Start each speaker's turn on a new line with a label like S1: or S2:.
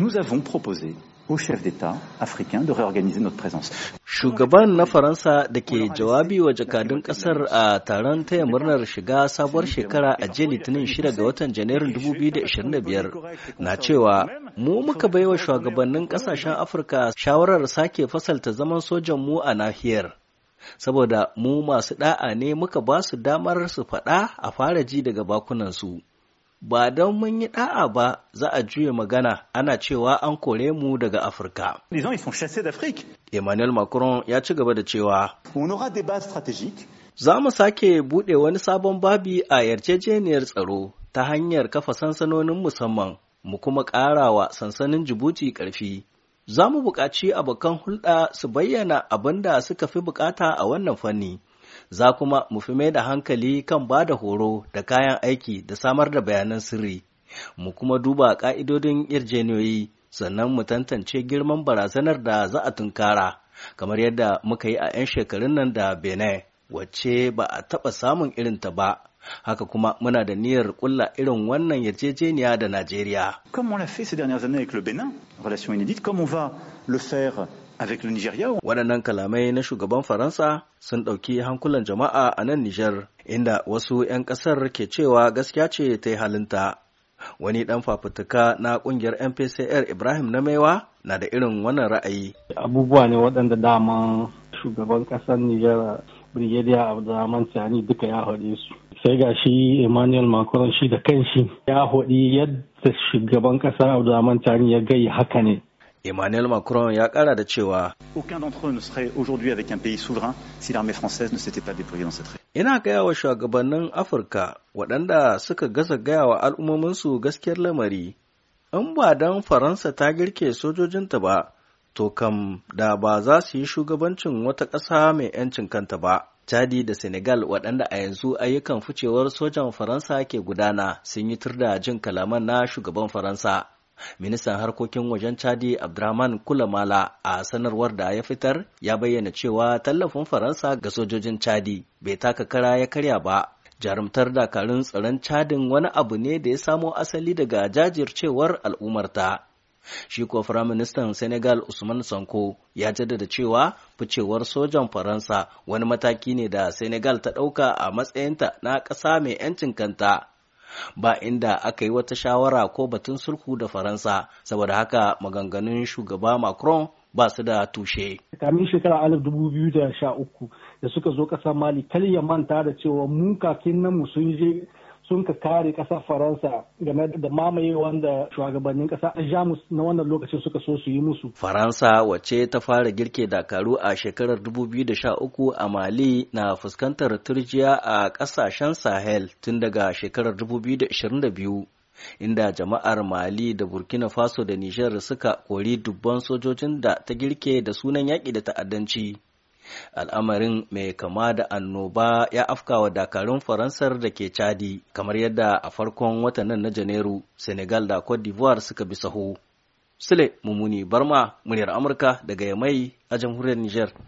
S1: nous avons proposé au chef d'État africain de réorganiser notre présence. Shugaban na Faransa da ke jawabi wa jakadun kasar a taron taya murnar shiga sabuwar shekara a jiya Litinin 6 ga watan Janairun 2025 na cewa mu muka baiwa shugabannin kasashen Afirka shawarar sake fasalta zaman sojan mu a nahiyar. Saboda mu masu da'a ne muka ba su damar su faɗa a fara ji daga su. ba don mun yi ɗa'a ba za a juya magana ana cewa an kore mu daga Afirka. Emmanuel Macron ya ci gaba da cewa. Za mu sake buɗe wani sabon babi a yarjejeniyar tsaro ta hanyar kafa sansanonin musamman mu kuma ƙara wa sansanin Jibuti ƙarfi. Za mu buƙaci abokan hulɗa su bayyana abin da suka fi buƙata a wannan fanni. za kuma mu fi mai da hankali kan ba da horo da kayan aiki da samar da bayanan sirri mu kuma duba ƙa'idodin yarjeniyoyi sannan mu tantance girman barazanar da za a tunkara kamar yadda muka yi a 'yan shekarun nan da benin wacce ba a taɓa samun irin ta ba haka kuma muna da niyyar kulla irin wannan yarjejeniya da Najeriya. Comme on l'a fait ces dernières années avec le Bénin, relation inédite, comme on va le avec le Nigeria. Waɗannan kalamai na shugaban Faransa sun ɗauki hankulan jama'a a nan Nijar, inda wasu 'yan ƙasar ke cewa gaskiya ce ta yi halinta. Wani ɗan fafutuka na ƙungiyar MPCR Ibrahim na maiwa na da irin wannan ra'ayi. Abubuwa ne waɗanda dama shugaban ƙasar Nijar Brigadier Abdulrahman Tani duka ya haɗe su. Sai ga shi Emmanuel Macron shi da kanshi ya haɗi yadda shugaban ƙasar Abdulrahman Tani ya gai haka ne. Emmanuel Macron ya kara da cewa Aucun d'entre eux ne serait aujourd'hui avec un pays souverain si l'armée française ne s'était pas déployée dans cette région. Ina gaya wa shugabannin Afirka waɗanda suka gasa gaya wa su gaskiyar lamari, in ba don Faransa ta girke sojojinta ba, to kam da ba za su yi shugabancin wata ƙasa mai 'yancin kanta ba. Chadi da Senegal waɗanda a yanzu ayyukan ficewar sojan Faransa ke gudana sun yi turda jin kalaman na shugaban Faransa. ministan harkokin wajen chadi abdurrahman kulamala a sanarwar da ya fitar ya bayyana cewa tallafin faransa ga sojojin chadi bai taka kara ya karya ba jarumtar dakarun tsaron chadin wani abu ne da ya samo asali daga jajircewar al'ummarta shi kuwa firaministan senegal usman sanko ya jaddada cewa ficewar sojan faransa wani mataki ne da senegal ta ɗauka a matsayinta na ƙasa mai 'yancin kanta ba inda aka yi wata shawara ko batun sulhu da Faransa saboda haka maganganun shugaba Macron ba su da tushe. Kamin shekara alif dubu biyu da sha uku da suka zo kasar Mali kar ya manta da cewa mu kakin namu sun je sun ka kare ƙasar Faransa game da mamaye wanda shugabannin ƙasa Jamus na wannan lokacin suka so su yi musu. Faransa wacce ta fara girke Dakaru a shekarar 2013 a Mali na fuskantar turjiya a ƙasashen Sahel tun daga shekarar 2022. inda jama'ar mali da burkina faso da nijar suka kori dubban sojojin da ta girke da sunan yaƙi da ta'addanci al'amarin mai kama da annoba ya afka wa dakarun faransar da ke chadi kamar yadda a farkon watannin na janairu senegal da cote d'ivoire suka bi saho sule mummuni barma muryar amurka daga yamai a jamhuriyar niger